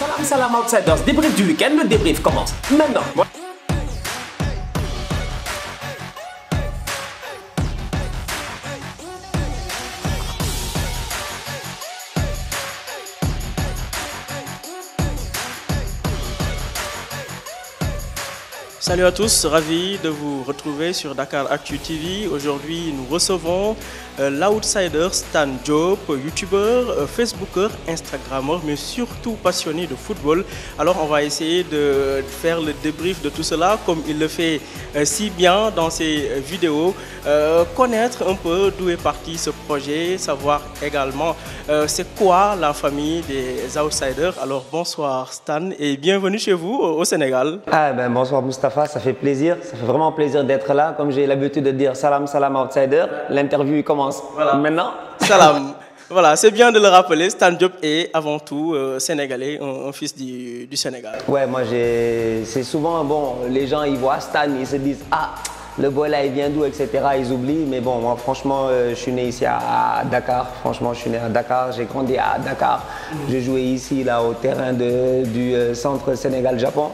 Salam, salam outsiders, débrief du week-end, le débrief commence maintenant. Salut à tous, ravi de vous retrouver sur Dakar Actu TV. Aujourd'hui, nous recevons euh, l'outsider Stan Job, youtubeur, euh, facebooker, instagrammeur, mais surtout passionné de football. Alors, on va essayer de faire le débrief de tout cela, comme il le fait euh, si bien dans ses vidéos. connaître un peu d'où est parti ce projet, savoir également c'est quoi la famille des outsiders. Alors, bonsoir Stan et bienvenue chez vous au Sénégal. Ah ben, bonsoir Mustapha ça fait plaisir, ça fait vraiment plaisir d'être là. Comme j'ai l'habitude de dire salam, salam outsider, l'interview commence maintenant. Salam. Voilà, c'est bien de le rappeler, Stan Diop est avant tout euh, sénégalais, un, fils du, du, Sénégal. Ouais, moi j'ai, c'est souvent bon, les gens ils voient Stan, ils se disent ah le boy là il vient d'où etc. Ils oublient, mais bon moi franchement euh, je suis né ici à, Dakar, franchement je suis né à Dakar, j'ai grandi à Dakar, j'ai joué ici là au terrain du euh, centre Sénégal Japon.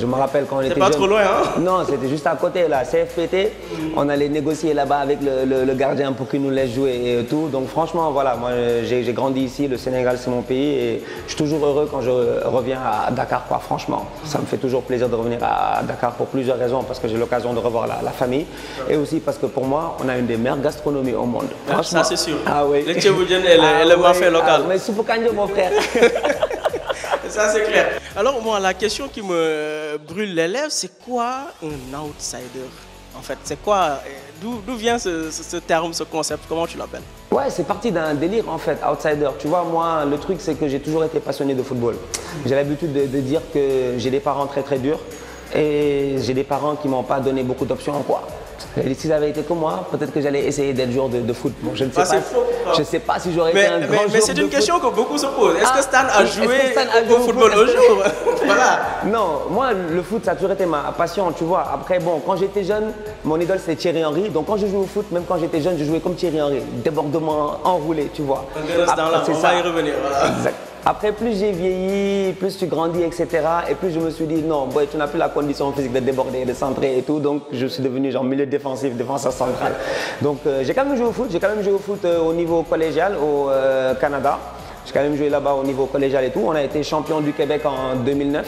Je me rappelle quand on était. C'est pas trop loin, hein Non, c'était juste à côté, là. CFPT, on allait négocier là-bas avec le, gardien pour qu'il nous laisse jouer et tout. Donc, franchement, voilà, moi, j'ai grandi ici. Le Sénégal, c'est mon pays. Et je suis toujours heureux quand je reviens à Dakar, quoi. Franchement, ça me fait toujours plaisir de revenir à Dakar pour plusieurs raisons. Parce que j'ai l'occasion de revoir la, famille. Et aussi parce que pour moi, on a une des meilleures gastronomies au monde. Ah, franchement. Ça, c'est sûr. Ah oui. Le elle ah est, ma oui. Ah, locale. mais mon frère. Ça, c'est clair. Alors, moi, la question qui me brûle les lèvres, c'est quoi un outsider En fait, c'est quoi euh, D'où vient ce, terme, ce concept Comment tu l'appelles Ouais, c'est parti d'un délire en fait, outsider. Tu vois, moi, le truc, c'est que j'ai toujours été passionné de football. J'ai l'habitude de, dire que j'ai des parents très très durs et j'ai des parents qui m'ont pas donné beaucoup d'options, en quoi. Et s'ils avaient été comme moi, peut-être que j'allais essayer d'être joueur de, foot. Bon, je ne sais ah, pas. je sais pas si j'aurais été un mais, grand mais, Mais c'est une question que beaucoup se posent. Est-ce que ah, Stan a joué au, football un jour Voilà. Non, moi le foot ça a toujours été ma passion, tu vois. Après bon, quand j'étais jeune, mon idole c'était Thierry Henry. Donc quand je jouais au foot, même quand j'étais jeune, je jouais comme Thierry Henry, débordement enroulé, tu vois. Après, on, va y revenir. Voilà. Après, plus j'ai vieilli, plus tu grandis, etc. Et plus je me suis dit, non, tu n'as plus la condition physique de déborder, de centrer et tout. Donc, je suis devenu genre milieu défensif, défenseur central. Donc, euh, j'ai quand même joué au foot. J'ai quand même joué au foot euh, au niveau collégial au euh, Canada. J'ai quand même joué là-bas au niveau collégial et tout. On a été champion du Québec en 2009.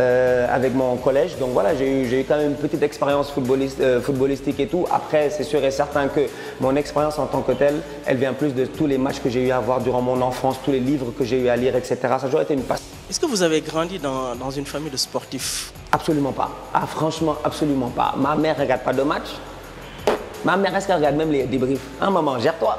Euh, avec mon collège. Donc voilà, j'ai eu, quand même une petite expérience euh, footballistique et tout. Après, c'est sûr et certain que mon expérience en tant que telle, elle vient plus de tous les matchs que j'ai eu à voir durant mon enfance, tous les livres que j'ai eu à lire, etc. Ça a toujours été une passion. Est-ce que vous avez grandi dans, une famille de sportifs Absolument pas. Ah, franchement, absolument pas. Ma mère ne regarde pas de matchs. Ma mère, est-ce qu'elle regarde même les débriefs maman, gère-toi.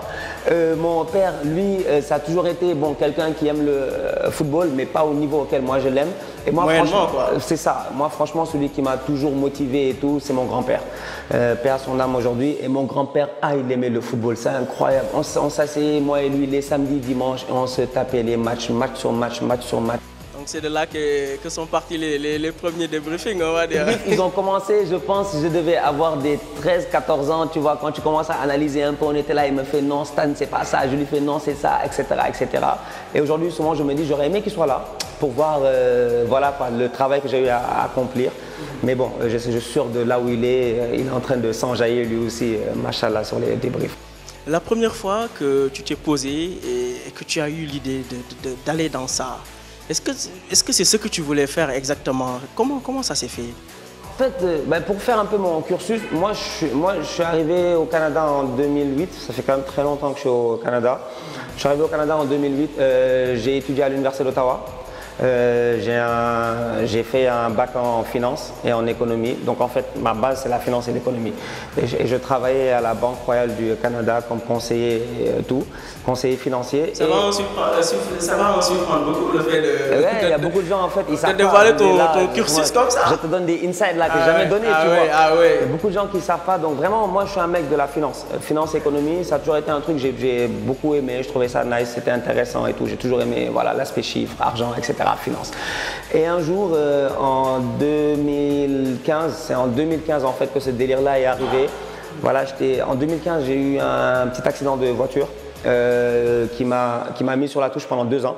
Euh, mon père, lui, euh, ça a toujours été bon, quelqu'un qui aime le euh, football, mais pas au niveau auquel moi je l'aime. Et moi, franchement, c'est ça. Moi, franchement, celui qui m'a toujours motivé et tout, c'est mon grand-père. père son âme aujourd'hui. Et mon grand-père, a ah, il aimait le football. C'est incroyable. On, on s'asseyait, moi et lui, les samedis, dimanches, et on se tapait les matchs, match sur match, match sur match c'est de là que, sont partis les, premiers débriefings, on va dire. Ils ont commencé, je pense, je devais avoir des 13-14 ans, tu vois, quand tu commences à analyser un peu, on était là, il me fait non, Stan, c'est pas ça, je lui fais non, c'est ça, etc. etc. Et aujourd'hui, souvent, je me dis, j'aurais aimé qu'il soit là pour voir euh, voilà, le travail que j'ai eu à, accomplir. Mais bon, euh, je, suis sûr de là où il est, euh, il est en train de s'enjailler lui aussi, machallah, sur les débriefs. La première fois que tu t'es posé et que tu as eu l'idée d'aller dans ça, est-ce que est-ce que c'est ce que tu voulais faire exactement Comment comment ça s'est fait En fait, euh, ben, pour faire un peu mon cursus, moi je suis moi arrivé au Canada en 2008. Ça fait quand même très longtemps que je suis au Canada. Je suis arrivé au Canada en 2008. Euh, j'ai étudié à l'université d'Ottawa. Euh, j'ai fait un bac en finance et en économie. Donc en fait, ma base, c'est la finance et l'économie. Et, je, travaillais à la Banque royale du Canada comme conseiller euh, tout, conseiller financier. Ça, va, aussi, ça va prendre beaucoup le fait de... Ouais, il y a beaucoup de gens en fait, ils savent pas. Ton, dévoiler ton, cursus comme ça. Je te donne des insights là que ah j'ai jamais donné, ah Ah ouais. il y a beaucoup de gens qui savent pas. Donc vraiment, moi, je suis un mec de la finance. Euh, finance, économie, ça a toujours été un truc que j'ai beaucoup aimé. Je trouvais ça nice, c'était intéressant et tout. J'ai toujours aimé voilà l'aspect chiffres, argent, etc. Et un jour, euh, en 2015, c'est en 2015 en fait que ce délire-là est arrivé. Voilà, en 2015, j'ai eu un petit accident de voiture euh, qui m'a mis sur la touche pendant deux ans.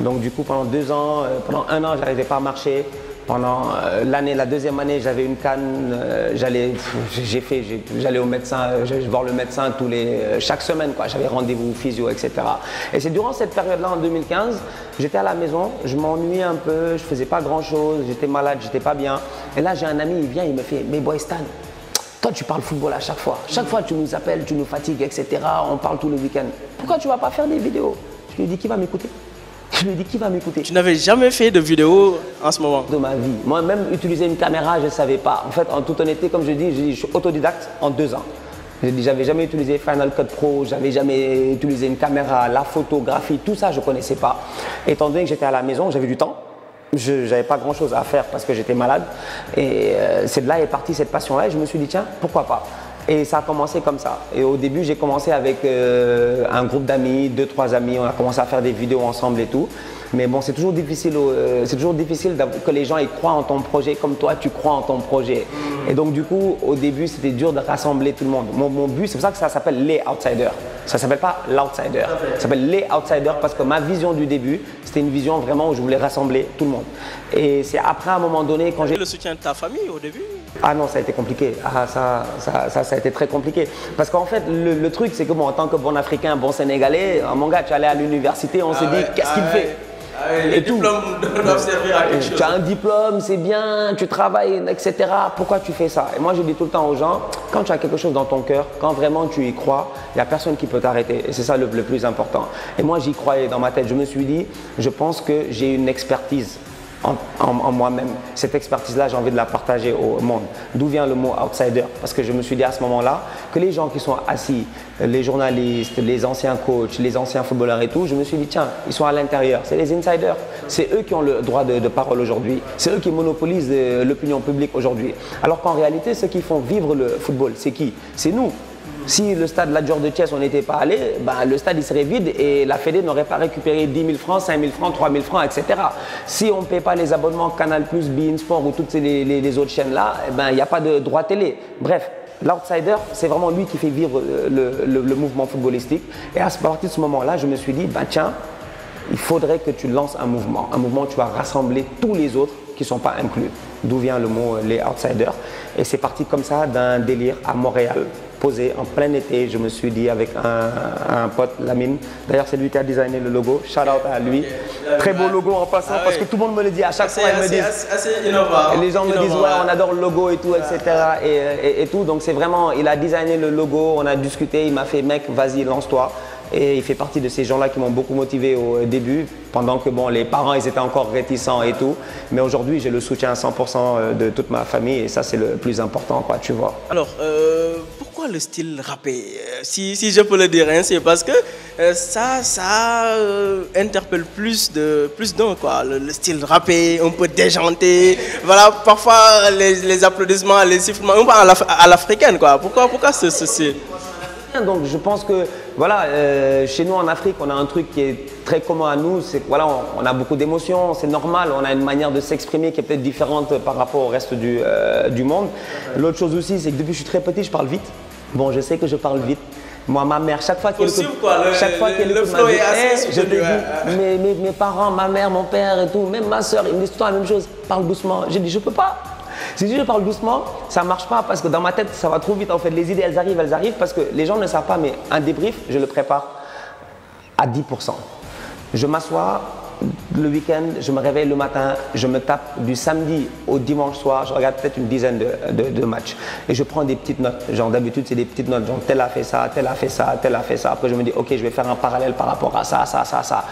Donc du coup, pendant deux ans, euh, pendant un an, j'arrivais pas à marcher. Pendant euh, l'année, la deuxième année, j'avais une canne, euh, j'allais, j'ai fait, j'allais au médecin, euh, voir le médecin tous les, chaque semaine, quoi. J'avais rendez-vous physio, etc. Et c'est durant cette période-là, en 2015, j'étais à la maison, je m'ennuyais un peu, je faisais pas grand-chose, j'étais malade, j'étais pas bien. Et là, j'ai un ami, il vient, il me fait, mais boy Stan, toi, tu parles football à chaque fois. Chaque fois, tu nous appelles, tu nous fatigues, etc. On parle tout le week-end. Pourquoi tu vas pas faire des vidéos Je lui ai dit, qui va m'écouter je ai dit, qui va m'écouter Tu n'avais jamais fait de vidéo en ce moment De ma vie. Moi-même, utiliser une caméra, je ne savais pas. En fait, en toute honnêteté, comme je dis, je, suis autodidacte en deux ans. Je J'avais jamais utilisé Final Cut Pro, j'avais jamais utilisé une caméra, la photographie, tout ça, je ne connaissais pas. Étant donné que j'étais à la maison, j'avais du temps. Je n'avais pas grand chose à faire parce que j'étais malade. Et euh, c'est de là est partie cette passion-là. Et je me suis dit, tiens, pourquoi pas et ça a commencé comme ça. Et au début, j'ai commencé avec euh, un groupe d'amis, deux, trois amis. On a commencé à faire des vidéos ensemble et tout. Mais bon, c'est toujours difficile, euh, c'est toujours difficile que les gens y croient en ton projet comme toi, tu crois en ton projet. Et donc, du coup, au début, c'était dur de rassembler tout le monde. Mon, but, c'est pour ça que ça s'appelle les outsiders. Ça s'appelle pas l'outsider. Ça s'appelle les outsiders parce que ma vision du début, c'était une vision vraiment où je voulais rassembler tout le monde. Et c'est après, un moment donné, quand j'ai... Le soutien de ta famille au début Ah non, ça a été compliqué. Ah, ça, ça, a été très compliqué. Parce qu'en fait, le, truc, c'est que en tant que bon Africain, bon Sénégalais, euh, mon gars, tu allais à l'université, on se s'est ah dit, qu'est-ce qu'il ah fait ah les et tout. doivent servir à quelque Tu as un diplôme, c'est bien, tu travailles, etc. Pourquoi tu fais ça Et moi, je dis tout le temps aux gens, quand tu as quelque chose dans ton cœur, quand vraiment tu y crois, il n'y a personne qui peut t'arrêter. Et c'est ça le, le plus important. Et moi, j'y croyais dans ma tête. Je me suis dit, je pense que j'ai une expertise en, moi-même. Cette expertise-là, j'ai envie de la partager au monde. D'où vient le mot outsider Parce que je me suis dit à ce moment-là que les gens qui sont assis, les journalistes, les anciens coachs, les anciens footballeurs et tout, je me suis dit, tiens, ils sont à l'intérieur, c'est les insiders. C'est eux qui ont le droit de, de parole aujourd'hui. C'est eux qui monopolisent euh, l'opinion publique aujourd'hui. Alors qu'en réalité, ceux qui font vivre le football, c'est qui C'est nous. Si le stade de Ladjor de Thiès, on n'était pas allé, bah, le stade serait vide et la Fédé n'aurait pas récupéré 10 000 francs, 5 000 francs, 3 000 francs, etc. Si on ne paie pas les abonnements Canal+, Bein Sport ou toutes les, autres chaînes-là, eh ben, il n'y a pas de droit télé. Bref, l'outsider, c'est vraiment lui qui fait vivre le, mouvement footballistique. Et à partir de ce moment-là, je me suis dit, ben, tiens, il faudrait que tu lances un mouvement, un mouvement où tu vas rassembler tous les autres qui ne sont pas inclus. D'où vient le mot les outsiders. Et c'est parti comme ça d'un délire à Montréal, posé en plein été. Je me suis dit avec un, un pote, Lamine. D'ailleurs, c'est lui qui a designé le logo. Shout out à lui. Très beau logo en passant ah parce que tout le monde me le dit à chaque fois. les gens me disent ouais, on adore le logo et tout, etc. Ah, et, tout. Donc c'est vraiment, il a designé le logo. On a discuté. Il m'a fait mec, vas-y, lance-toi. Et il fait partie de ces gens-là qui m'ont beaucoup motivé au début, pendant que bon, les parents ils étaient encore réticents et tout. Mais aujourd'hui, j'ai le soutien à 100% euh, de toute ma famille et ça, c'est le plus important, quoi, tu vois. Alors, euh, pourquoi pourquoi le style rappé euh, si, si, je peux le dire ainsi, hein, parce que euh, ça, ça euh, interpelle plus de plus quoi. Le, style rappé, on peut déjanter. Voilà, parfois, les, applaudissements, les sifflements, on parle à l'africaine, quoi. Pourquoi, pourquoi ce, donc je pense que voilà, chez nous en Afrique, on a un truc qui est très commun à nous, c'est voilà, on, a beaucoup d'émotions, c'est normal, on a une manière de s'exprimer qui est peut-être différente par rapport au reste du, du monde. L'autre chose aussi, c'est que depuis que je suis très petit, je parle vite. Bon, je sais que je parle vite. Moi, ma mère, chaque fois qu'elle le, chaque fois qu'elle eh, je te dis, mes, parents, ma mère, mon père et tout, même ma soeur, ils me disent tout la même chose. Parle doucement. J'ai dit, je peux pas. Si je parle doucement, ça marche pas parce que dans ma tête, ça va trop vite. En fait, les idées, elles arrivent, elles arrivent parce que les gens ne savent pas, mais un débrief, je le prépare à 10%. Je m'assois, le week-end, je me réveille le matin, je me tape du samedi au dimanche soir, je regarde peut-être une dizaine de, matchs. Et je prends des petites notes. Genre d'habitude, c'est des petites notes, genre tel a fait ça, tel a fait ça, tel a fait ça. Après, je me dis, ok, je vais faire un parallèle par rapport à ça, ça, ça, ça.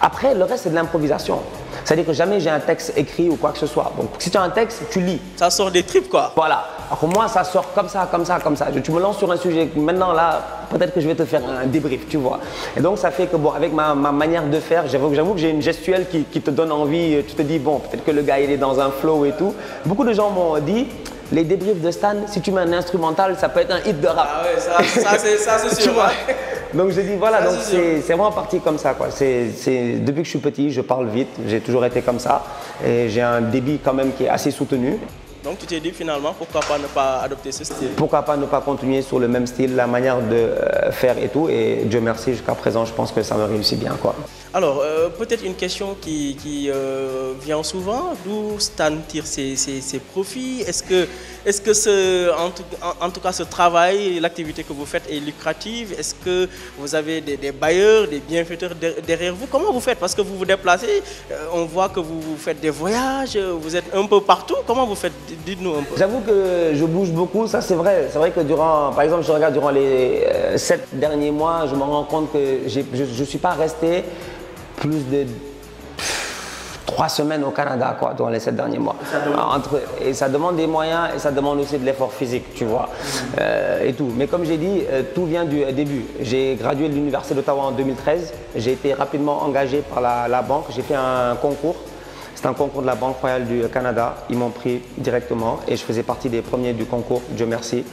Après, le reste, c'est de l'improvisation. C'est-à-dire que jamais j'ai un texte écrit ou quoi que ce soit. Donc si tu as un texte, tu lis. Ça sort des tripes quoi. Voilà. Alors moi, ça sort comme ça, comme ça, comme ça. tu me lances sur un sujet. Maintenant là, peut-être que je vais te faire un débrief, tu vois. Et donc ça fait que bon, avec ma, manière de faire, j'avoue que j'ai une gestuelle qui, te donne envie. Tu te dis bon, peut-être que le gars il est dans un flow et tout. Beaucoup de gens m'ont dit les débriefs de Stan, si tu mets un instrumental, ça peut être un hit de rap. Ah ouais, ça, ça c'est sûr. tu vois donc j'ai dit voilà, donc c'est vraiment parti comme ça. Quoi. C'est depuis que je suis petit, je parle vite, j'ai toujours été comme ça. Et j'ai un débit quand même qui est assez soutenu. Donc tu t'es dit finalement pourquoi pas ne pas adopter ce style Pourquoi pas ne pas continuer sur le même style, la manière de euh, faire et tout. Et Dieu merci, jusqu'à présent, je pense que ça me réussit bien. Quoi. Alors, euh, peut-être une question qui, euh, vient souvent, d'où Stan tire ses, profits Est-ce que, est -ce que ce, en, tout, cas ce travail, l'activité que vous faites est lucrative Est-ce que vous avez des, bailleurs, des bienfaiteurs derrière vous Comment vous faites Parce que vous vous déplacez, on voit que vous, vous faites des voyages, vous êtes un peu partout. Comment vous faites dites-nous un peu. J'avoue que je bouge beaucoup, ça c'est vrai. C'est vrai que durant, par exemple, je regarde durant les euh, sept derniers mois, je me rends compte que je ne suis pas resté plus de trois semaines au Canada quoi, dans les sept derniers mois. et ça demande des moyens et ça demande aussi de l'effort physique, tu vois, euh, et tout. Mais comme j'ai dit, euh, tout vient du début. J'ai gradué de l'Université d'Ottawa en 2013. J'ai été rapidement engagé par la banque. J'ai fait un concours c'est un concours de la Banque Royale du Canada. Ils m'ont pris directement et je faisais partie des premiers du concours, Dieu merci.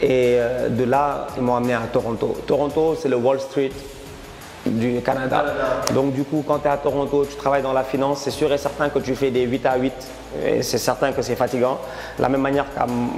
Et euh, de là, ils m'ont amené à Toronto. Toronto, c'est le Wall Street du Canada. Donc du coup, quand tu es à Toronto, tu travailles dans la finance, c'est sûr et certain que tu fais des 8 à 8 et c'est certain que c'est fatigant. De la même manière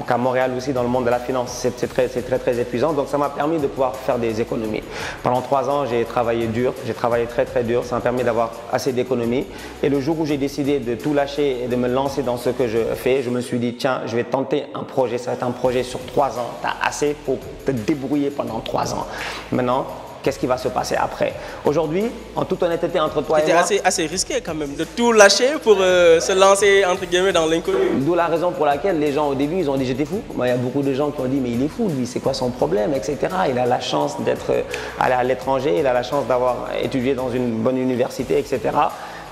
qu'à Montréal aussi dans le monde de la finance, c'est très, très très épuisant. Donc ça m'a permis de pouvoir faire des économies. Pendant trois ans, j'ai travaillé dur, j'ai travaillé très très dur, ça m'a permis d'avoir assez d'économies. Et le jour où j'ai décidé de tout lâcher et de me lancer dans ce que je fais, je me suis dit, tiens, je vais tenter un projet, ça va être un projet sur trois ans. Tu as assez pour te débrouiller pendant trois ans. Maintenant, qu'est-ce qui va se passer après. Aujourd'hui, en toute honnêteté entre toi et moi... C'était assez, risqué quand même de tout lâcher pour euh, se lancer entre guillemets dans l'inconnu. D'où la raison pour laquelle les gens au début, ils ont dit j'étais fou. Il y a beaucoup de gens qui ont dit mais il est fou lui, c'est quoi son problème, etc. Il a la chance d'être euh, à l'étranger, il a la chance d'avoir étudié dans une bonne université, etc.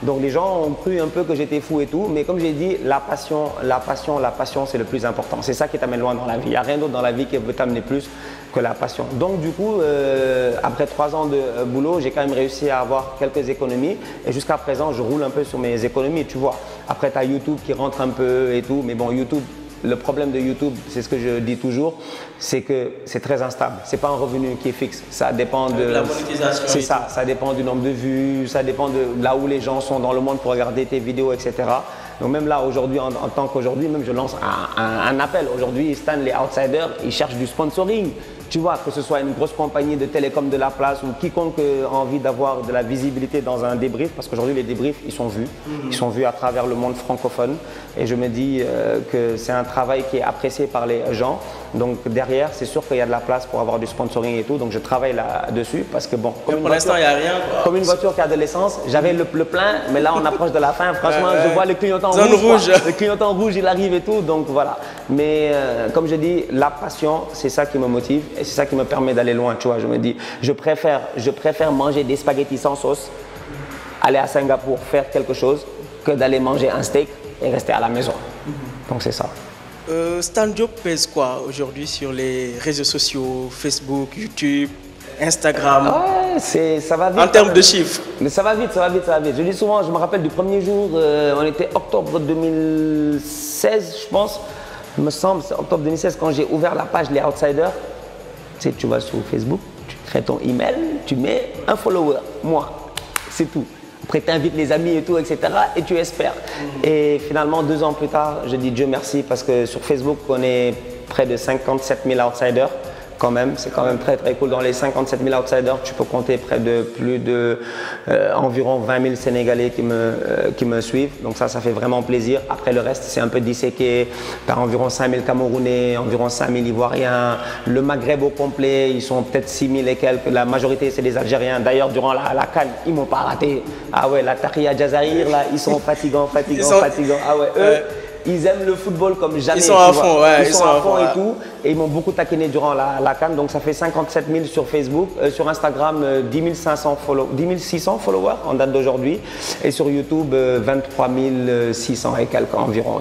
Donc les gens ont cru un peu que j'étais fou et tout, mais comme j'ai dit, la passion, la passion, la passion, c'est le plus important. C'est ça qui t'amène loin dans la vie. Il n'y a rien d'autre dans la vie qui peut t'amener plus que la passion. Donc du coup, euh, après trois ans de euh, boulot, j'ai quand même réussi à avoir quelques économies. Et jusqu'à présent, je roule un peu sur mes économies, tu vois. Après, tu as YouTube qui rentre un peu et tout. Mais bon, YouTube, le problème de YouTube, c'est ce que je dis toujours, c'est que c'est très instable. C'est pas un revenu qui est fixe. Ça dépend de, la monétisation. C'est ça. Ça dépend du nombre de vues. Ça dépend de là où les gens sont dans le monde pour regarder tes vidéos, etc. Donc même là aujourd'hui, en, tant qu'aujourd'hui, même je lance un appel. Aujourd'hui, Stan, les outsiders, ils cherchent du sponsoring. Tu vois, que ce soit une grosse compagnie de télécom de la place ou quiconque a euh, envie d'avoir de la visibilité dans un débrief, parce qu'aujourd'hui les débriefs, ils sont vus. Mhm. Ils sont vus à travers le monde francophone. Et je me dis euh, que c'est un travail qui est apprécié par les gens. Donc derrière, c'est sûr qu'il y a de la place pour avoir du sponsoring et tout. Donc je travaille là-dessus parce que bon. Comme l'instant, il n'y a rien. Comme une voiture qui a de l'essence, j'avais le, plein, mais là on approche de la fin. Franchement, je vois le clignotant rouge. Le clignotant rouge, il arrive et tout. Donc voilà. Mais euh, comme je dis, la passion, c'est ça qui me motive et c'est ça qui me permet d'aller loin. Tu vois, je me dis, je préfère, je préfère manger des spaghettis sans sauce, aller à Singapour faire quelque chose, que d'aller manger un steak et rester à la maison. Mhm. Donc c'est ça stand euh, Stan Job pèse quoi aujourd'hui sur les réseaux sociaux, Facebook, YouTube, Instagram ouais, ah, ça va vite. En termes de chiffres. Mais ça va vite, ça va vite, ça va vite. Je dis souvent, je me rappelle du premier jour, euh, on était octobre 2016, je pense. Il me semble, c'est octobre 2016, quand j'ai ouvert la page Les Outsiders. Tu sais, tu vas sur Facebook, tu crées ton email, tu mets un follower, moi. C'est tout. Après, tu les amis et tout, etc. Et tu espères. Mm. Et finalement, deux ans plus tard, je dis Dieu merci parce que sur Facebook, on est près de 57 000 outsiders quand même. C'est quand même très très cool. Dans les 57 000 outsiders, tu peux compter près de plus de euh, environ 20 000 Sénégalais qui me, euh, qui me suivent. Donc ça, ça fait vraiment plaisir. Après le reste, c'est un peu disséqué par environ 5 000 Camerounais, environ 5 000 Ivoiriens. Le Maghreb au complet, ils sont peut-être 6 000 et quelques. La majorité, c'est des Algériens. D'ailleurs, durant la, la Cannes, ils m'ont pas raté. Ah ouais, la Tahria Jazair, là, ils sont fatigants, fatigants, fatigants. Ah ouais, euh, eux, ils aiment le football comme jamais. Ils sont à fond, ils, sont, à et tout. Et ils m'ont beaucoup taquiné durant la, la Donc ça fait 57 000 sur Facebook, euh, sur Instagram 10 euh, 600 followers en date d'aujourd'hui, et sur YouTube 23 euh, 600 et quelques environ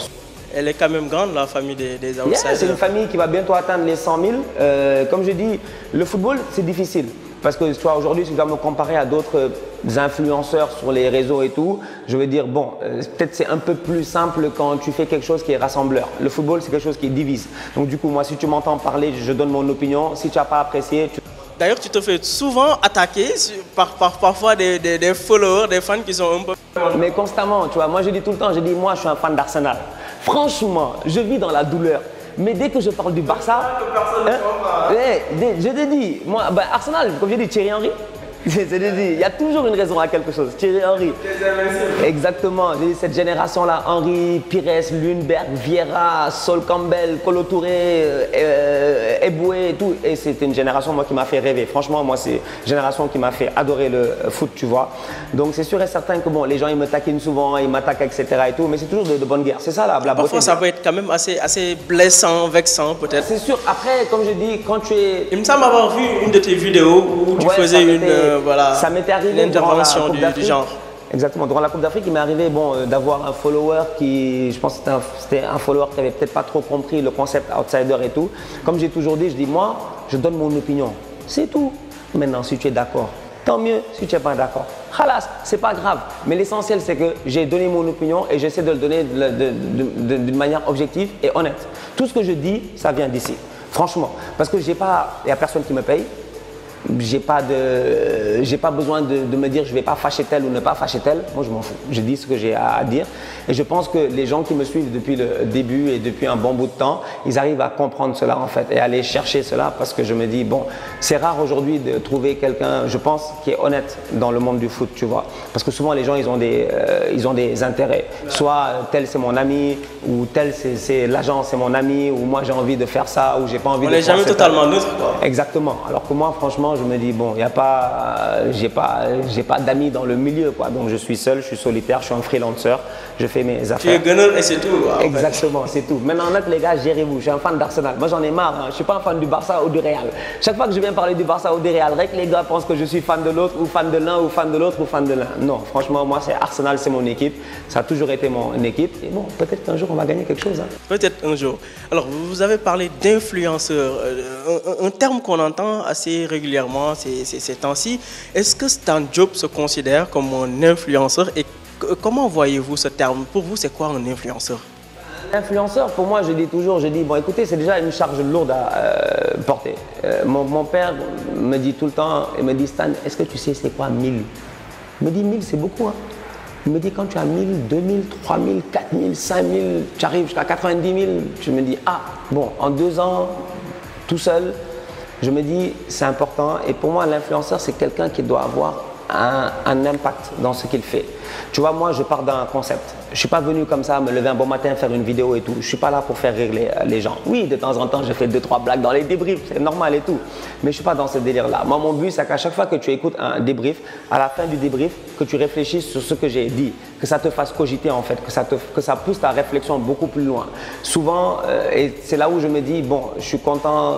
elle est quand même grande, la famille des, des c'est une famille qui va bientôt atteindre les 100 000. comme je dis, le football, c'est difficile. Parce que soit aujourd'hui, je vais me comparer à d'autres influenceurs sur les réseaux et tout, je veux dire, bon, euh, peut-être c'est un peu plus simple quand tu fais quelque chose qui est rassembleur. Le football, c'est quelque chose qui divise. Donc du coup, moi, si tu m'entends parler, je donne mon opinion. Si tu n'as pas apprécié, tu... D'ailleurs, tu te fais souvent attaquer par, par parfois des, des, followers, des fans qui sont un peu... Mais constamment, tu vois, moi je dis tout le temps, je dis, moi je suis un fan d'Arsenal. Franchement, je vis dans la douleur. Mais dès que je parle du Barça, hein, hein. Eh, je te dis, moi, bah, Arsenal, comme je dit, Thierry Henry, il y a toujours une raison à quelque chose. Thierry Henry. Exactement. Cette génération-là, Henry, Pires, Lundberg, Vieira, Sol Campbell, Colo Touré, euh, euh Eboué, tout. Et c'était une génération, moi, qui m'a fait rêver. Franchement, moi, c'est une génération qui m'a fait adorer le euh, foot, tu vois. Donc, c'est sûr et certain que, bon, les gens, ils me taquinent souvent, ils m'attaquent, etc. et tout. Mais c'est toujours de, bonnes guerres. C'est ça, la, blague. Parfois, ça peut être quand même assez, assez blessant, vexant, peut-être. C'est sûr. Après, comme je dis, quand tu es. Il me semble avoir vu une de tes vidéos où tu faisais une ça m'était arrivé dans la du, genre. Exactement, durant la Coupe d'Afrique, il m'est arrivé euh, d'avoir un follower qui, je pense c'était un, follower qui n'avait peut-être pas trop compris le concept outsider et tout. Comme j'ai toujours dit, je dis moi, je donne mon opinion. C'est tout. Maintenant, si tu es d'accord, tant mieux. Si tu n'es pas d'accord, halas, c'est pas grave. Mais l'essentiel, c'est que j'ai donné mon opinion et j'essaie de le donner d'une manière objective et honnête. Tout ce que je dis, ça vient d'ici. Franchement, parce que j'ai pas, il n'y a personne qui me paye, j'ai pas de j'ai pas besoin de, me dire je vais pas fâcher tel ou ne pas fâcher tel moi je m'en fous je dis ce que j'ai à, dire et je pense que les gens qui me suivent depuis le début et depuis un bon bout de temps ils arrivent à comprendre cela en fait et à aller chercher cela parce que je me dis bon c'est rare aujourd'hui de trouver quelqu'un je pense qui est honnête dans le monde du foot tu vois parce que souvent les gens ils ont des euh, ils ont des intérêts soit tel c'est mon ami ou tel c'est l'agent c'est mon ami ou moi j'ai envie de faire ça ou j'ai pas envie on de on n'est jamais totalement neutre quoi. exactement alors que moi franchement je me dis, bon, il n'y a pas, euh, j'ai pas, j'ai pas d'amis dans le milieu, quoi. Donc je suis seul, je suis solitaire, je suis un freelancer, je fais mes affaires. Tu es et c'est tout. Exactement, c'est tout. Maintenant, les gars, gérez-vous. Je suis un fan d'Arsenal. Moi, j'en ai marre. je hein. Je suis pas un fan du Barça ou du Real. Chaque fois que je viens parler du Barça ou du Real, les gars pensent que je suis fan de l'autre ou fan de l'un ou fan de l'autre ou fan de l'un. Non, franchement, moi, c'est Arsenal, c'est mon équipe. Ça a toujours été mon équipe. Et bon, peut-être qu'un jour, on va gagner quelque chose. Hein. Peut-être un jour. Alors, vous avez parlé d'influenceur, euh, un, un terme qu'on entend assez régulièrement ces, temps-ci. Est-ce que Stan Job se considère comme un influenceur et comment voyez-vous ce terme Pour vous, c'est quoi un influenceur Influenceur, pour moi, je dis toujours, je dis, bon, écoutez, c'est déjà une charge lourde à euh, porter. Euh, mon, père me dit tout le temps, il me dit, Stan, est-ce que tu sais c'est quoi 1000 Il me dit, 1000, c'est beaucoup. Hein. Il me dit, quand tu as 1000, 2000, 3000, 4000, 5000, tu arrives jusqu'à 90 000, tu me dis, ah, bon, en deux ans, tout seul, je me dis c'est important. Et pour moi, l'influenceur, c'est quelqu'un qui doit avoir un, un impact dans ce qu'il fait. Tu vois, moi, je pars d'un concept. Je ne suis pas venu comme ça me lever un bon matin, faire une vidéo et tout. Je ne suis pas là pour faire rire euh, les, gens. Oui, de temps en temps, je fais deux, trois blagues dans les débriefs, c'est normal et tout. Mais je ne suis pas dans ce délire-là. Moi, mon but, c'est qu'à chaque fois que tu écoutes un débrief, à la fin du débrief, que tu réfléchisses sur ce que j'ai dit, que ça te fasse cogiter en fait, que ça, te, que ça pousse ta réflexion beaucoup plus loin. Souvent, euh, et c'est là où je me dis, bon, je suis content mm,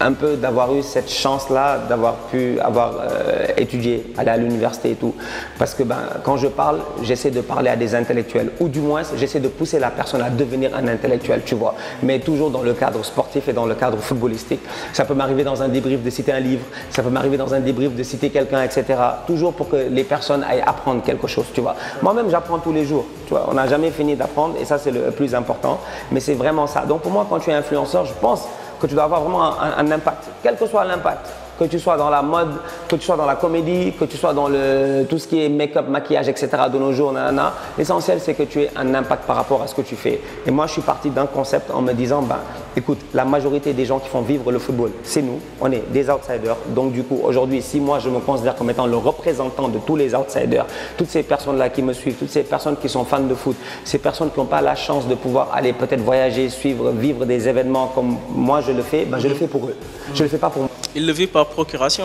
un peu d'avoir eu cette chance-là, d'avoir pu avoir euh, étudié, aller à l'université et tout. Parce que ben, quand je parle, j'essaie de parler à des intellectuels, ou du moins, j'essaie de pousser la personne à devenir un intellectuel, tu vois. Mais toujours dans le cadre sportif et dans le cadre footballistique. Ça peut m'arriver dans un débrief de citer un livre, ça peut m'arriver dans un débrief de citer quelqu'un, etc. Toujours pour que les personnes aillent apprendre quelque chose, tu vois. Moi-même, j'apprends tous les jours, tu vois. On n'a jamais fini d'apprendre, et ça, c'est le plus important. Mais c'est vraiment ça. Donc, pour moi, quand tu es influenceur, je pense que tu dois avoir vraiment un impact, quel que soit l'impact que tu sois dans la mode, que tu sois dans la comédie, que tu sois dans le, tout ce qui est make-up, maquillage, etc. de nos jours, nanana. L'essentiel, c'est que tu aies un impact par rapport à ce que tu fais. Et moi, je suis parti d'un concept en me disant, ben, écoute, la majorité des gens qui font vivre le football, c'est nous. On est des outsiders. Donc, du coup, aujourd'hui, si moi, je me considère comme étant le représentant de tous les outsiders, toutes ces personnes-là qui me suivent, toutes ces personnes qui sont fans de foot, ces personnes qui n'ont pas la chance de pouvoir aller peut-être voyager, suivre, vivre des événements comme moi je le fais, ben, je le fais pour eux. Je ne le fais pas pour moi. Il le vit par procuration.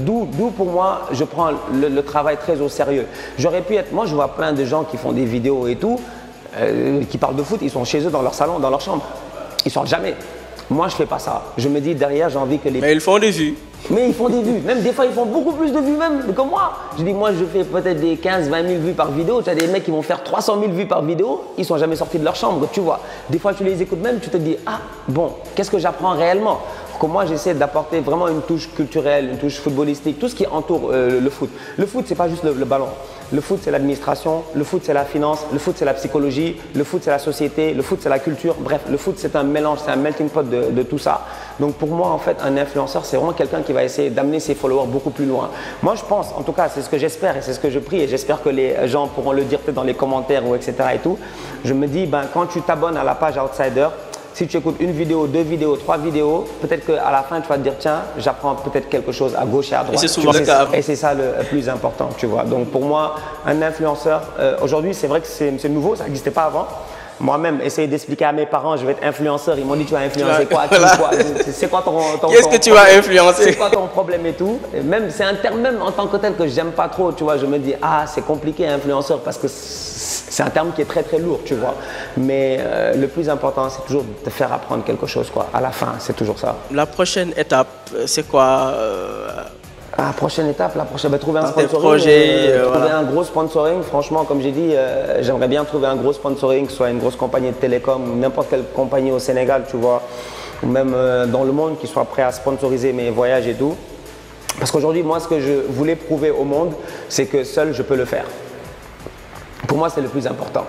D'où pour moi, je prends le, travail très au sérieux. J'aurais pu être, moi je vois plein de gens qui font des vidéos et tout, euh, qui parlent de foot, ils sont chez eux dans leur salon, dans leur chambre. Ils sortent jamais. Moi, je fais pas ça. Je me dis derrière, j'ai envie que les. Mais ils font des vues. Mais ils font des vues. Même des fois, ils font beaucoup plus de vues même que moi. Je dis, moi, je fais peut-être des 15, 20 000 vues par vidéo. Tu as des mecs qui vont faire 300 000 vues par vidéo. Ils sont jamais sortis de leur chambre, tu vois. Des fois, tu les écoutes même, tu te dis, ah, bon, qu'est-ce que j'apprends réellement que moi j'essaie d'apporter vraiment une touche culturelle, une touche footballistique, tout ce qui entoure euh, le foot. Le foot, c'est pas juste le, ballon. Le foot, c'est l'administration, le foot, c'est la finance, le foot, c'est la psychologie, le foot, c'est la société, le foot, c'est la culture. Bref, le foot, c'est un mélange, c'est un melting pot de, tout ça. Donc pour moi, en fait, un influenceur, c'est vraiment quelqu'un qui va essayer d'amener ses followers beaucoup plus loin. Moi, je pense, en tout cas, c'est ce que j'espère et c'est ce que je prie et j'espère que les gens pourront le dire peut-être dans les commentaires ou etc. et tout. Je me dis, ben, quand tu t'abonnes à la page Outsider, si tu écoutes une vidéo, deux vidéos, trois vidéos, peut-être qu'à la fin, tu vas te dire, tiens, j'apprends peut-être quelque chose à gauche et à droite. Et c'est souvent le cas. Et c'est ça le plus important, tu vois. Donc pour moi, un influenceur, euh, aujourd'hui, c'est vrai que c'est nouveau, ça n'existait pas avant moi-même essayer d'expliquer à mes parents, je vais être influenceur. Ils m'ont dit, tu vas influencer quoi, C'est quoi ton, que tu influencer C'est ton problème et tout et Même c'est un terme même en tant que tel que j'aime pas trop. Tu vois, je me dis ah c'est compliqué influenceur parce que c'est un terme qui est très très lourd, tu vois. Mais euh, le plus important, c'est toujours de te faire apprendre quelque chose, quoi. À la fin, c'est toujours ça. La prochaine étape, euh, c'est quoi La euh, ah, prochaine étape, la prochaine, bah, trouver un sponsoring. trouver un gros sponsoring. Franchement, comme j'ai dit, j'aimerais bien trouver un gros sponsoring, soit une grosse compagnie de télécom, n'importe quelle compagnie au Sénégal, tu vois, ou même dans le monde qui soit prêt à sponsoriser mes voyages et tout. Parce qu'aujourd'hui, moi, ce que je voulais prouver au monde, c'est que seul, je peux le faire. Pour moi, c'est le plus important.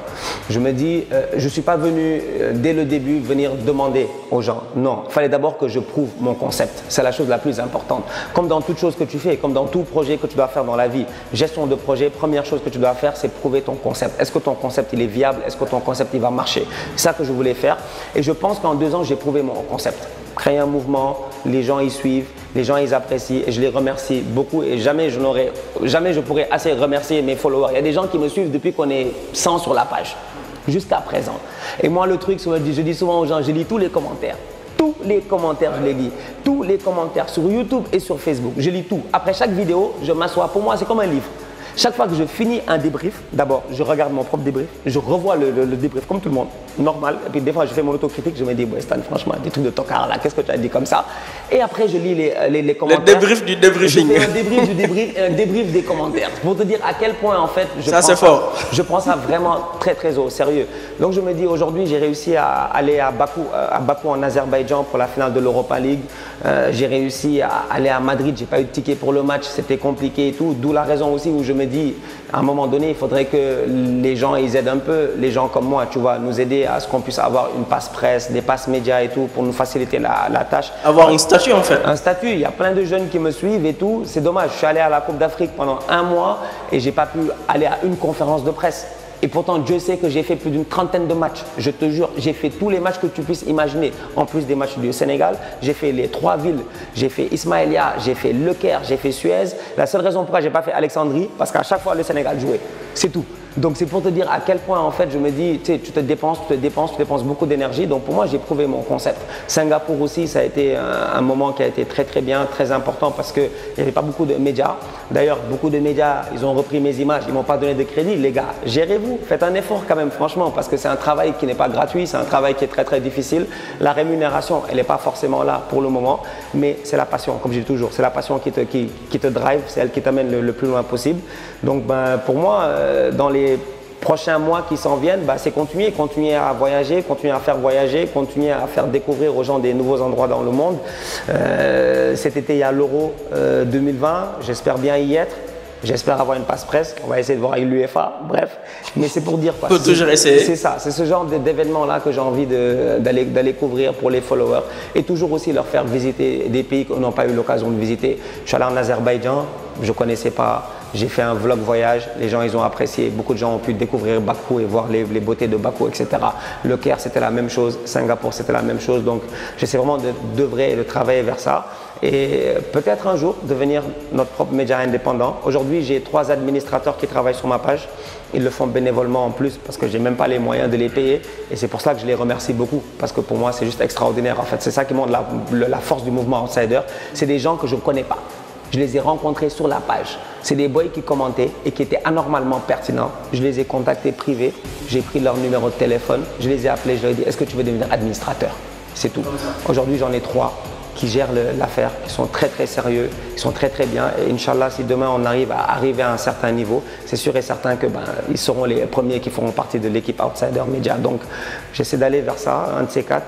Je me dis, euh, je ne suis pas venu euh, dès le début venir demander aux gens. Non, il fallait d'abord que je prouve mon concept. C'est la chose la plus importante. Comme dans toute chose que tu fais, comme dans tout projet que tu dois faire dans la vie, gestion de projet, première chose que tu dois faire, c'est prouver ton concept. Est-ce que ton concept, il est viable Est-ce que ton concept, il va marcher C'est ça que je voulais faire. Et je pense qu'en deux ans, j'ai prouvé mon concept créer un mouvement, les gens y suivent, les gens ils apprécient et je les remercie beaucoup et jamais je n'aurais, jamais je pourrais assez remercier mes followers. Il y a des gens qui me suivent depuis qu'on est 100 sur la page, jusqu'à présent. Et moi le truc, je dis souvent aux gens, je lis tous les commentaires. Tous les commentaires, je les lis. Tous les commentaires sur YouTube et sur Facebook. Je lis tout. Après chaque vidéo, je m'assois. Pour moi, c'est comme un livre. Chaque fois que je finis un débrief, d'abord, je regarde mon propre débrief, je revois le, débrief comme tout le monde, normal. Et puis des fois, je fais mon autocritique, je me dis, Stan, franchement, des trucs de ton car là, qu'est-ce que tu as dit comme ça Et après, je lis les, euh, commentaires. Le débrief du débriefing. un débrief du débrief un débrief des commentaires pour te dire à quel point, en fait, je, prends, ça, vraiment très, très au sérieux. Donc, je me dis, aujourd'hui, j'ai réussi à aller à Bakou, euh, à en Azerbaïdjan pour la finale de l'Europa League. Euh, j'ai réussi à aller à Madrid, j'ai pas eu de ticket pour le match, c'était compliqué et tout. D'où la raison aussi où je me dit à un moment donné, il faudrait que les gens, ils aident un peu, les gens comme moi, tu vois, nous aider à ce qu'on puisse avoir une passe presse, des passes médias et tout, pour nous faciliter la, tâche. Avoir un statut, en fait. Un statut. Il y a plein de jeunes qui me suivent et tout. C'est dommage. Je suis allé à la Coupe d'Afrique pendant un mois et j'ai pas pu aller à une conférence de presse. Et pourtant, Dieu sait que j'ai fait plus d'une trentaine de matchs. Je te jure, j'ai fait tous les matchs que tu puisses imaginer. En plus des matchs du Sénégal, j'ai fait les trois villes. J'ai fait Ismaïlia, j'ai fait Le Caire, j'ai fait Suez. La seule raison pourquoi j'ai pas fait Alexandrie, parce qu'à chaque fois, le Sénégal jouait. C'est tout. Donc c'est pour te dire à quel point en fait je me dis, tu sais, tu te dépenses, tu te dépenses, tu dépenses beaucoup d'énergie. Donc pour moi j'ai prouvé mon concept. Singapour aussi, ça a été euh, un, moment qui a été très très bien, très important parce qu'il n'y avait pas beaucoup de médias. D'ailleurs, beaucoup de médias, ils ont repris mes images, ils m'ont pas donné de crédit. Les gars, gérez-vous, faites un effort quand même, franchement, parce que c'est un travail qui n'est pas gratuit, c'est un travail qui est très très difficile. La rémunération, elle n'est pas forcément là pour le moment, mais c'est la passion, comme je dis toujours, c'est la passion qui te, qui, te drive, c'est elle qui t'amène le, le, plus loin possible. Donc ben, pour moi, euh, dans les prochains mois qui s'en viennent, bah, c'est continuer, continuer à voyager, continuer à faire voyager, continuer à faire découvrir aux gens des nouveaux endroits dans le monde. Euh, cet été, il y a l'Euro 2020, euh, j'espère bien y être. J'espère avoir une passe presse. On va essayer de voir avec l'UEFA. Bref, mais c'est pour dire quoi. toujours essayer. C'est ça. C'est ce genre d'événement là que j'ai envie d'aller couvrir pour les followers et toujours aussi leur faire visiter des pays qu'on n'a pas eu l'occasion de visiter. Je suis allé en Azerbaïdjan. Je connaissais pas j'ai fait un vlog voyage, les gens ils ont apprécié, beaucoup de gens ont pu découvrir Bakou et voir les, beautés de Bakou, etc. Le Caire c'était la même chose, Singapour c'était la même chose, donc j'essaie vraiment d'œuvrer et de travailler vers ça. Et peut-être un jour devenir notre propre média indépendant. Aujourd'hui j'ai trois administrateurs qui travaillent sur ma page, ils le font bénévolement en plus parce que je n'ai même pas les moyens de les payer et c'est pour ça que je les remercie beaucoup parce que pour moi c'est juste extraordinaire en fait. C'est ça qui montre la, la force du mouvement outsider, c'est des gens que je ne connais pas je les ai rencontrés sur la page. C'est des boys qui commentaient et qui étaient anormalement pertinents. Je les ai contactés privés. J'ai pris leur numéro de téléphone. Je les ai appelés. Je leur ai dit Est-ce que tu veux devenir administrateur C'est tout. Aujourd'hui, j'en ai trois qui gèrent l'affaire, qui sont très très sérieux, qui sont très très bien. Et Inch'Allah, si demain on arrive à arriver à un certain niveau, c'est sûr et certain que ben, ils seront les premiers qui feront partie de l'équipe Outsider Media. Donc j'essaie d'aller vers ça, un de ces quatre.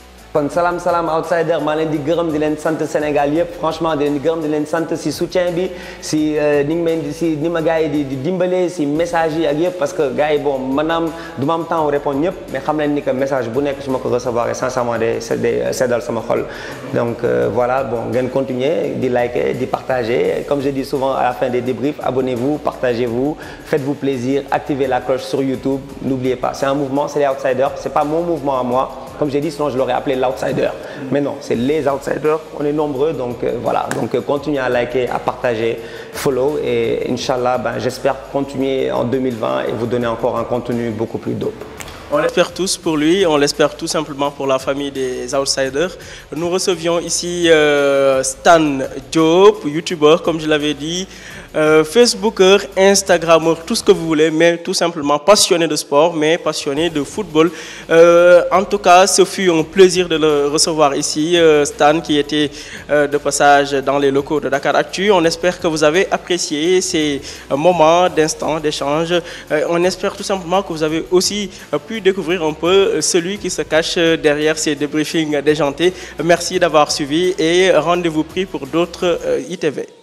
Salam salam salam, outsider malin leen di gërëm di len Sénégal franchement di len de gërëm di si soutien bi si euh, ni ngi si ni ma gars di di si message yi parce que gars bon manam du ma temps on répondre ñëpp mais xam leen ni que message bu nek suma ko recevoir et sincèrement day c'est euh, dal sama xol donc euh, voilà bon ngeen continuer di liker di partager comme je dis souvent à la fin des débriefs abonnez-vous partagez-vous faites-vous plaisir activez la cloche sur YouTube n'oubliez pas c'est un mouvement c'est les outsiders c'est pas mon mouvement à moi comme j'ai dit, sinon je l'aurais appelé l'outsider. Mais non, c'est les outsiders. On est nombreux, donc euh, voilà. Donc euh, continuez à liker, à partager, follow. Et Inch'Allah, ben, j'espère continuer en 2020 et vous donner encore un contenu beaucoup plus dope. On l'espère tous pour lui, on l'espère tout simplement pour la famille des outsiders. Nous recevions ici euh, Stan Job, youtubeur, comme je l'avais dit. Euh, Facebooker, Instagramer, tout ce que vous voulez, mais tout simplement passionné de sport, mais passionné de football. Euh, en tout cas, ce fut un plaisir de le recevoir ici, euh, Stan, qui était de passage dans les locaux de Dakar Actu. On espère que vous avez apprécié ces moments d'instant d'échange. on espère tout simplement que vous avez aussi pu découvrir un peu celui qui se cache derrière ces débriefings déjantés. Merci d'avoir suivi et rendez-vous pris pour d'autres ITV.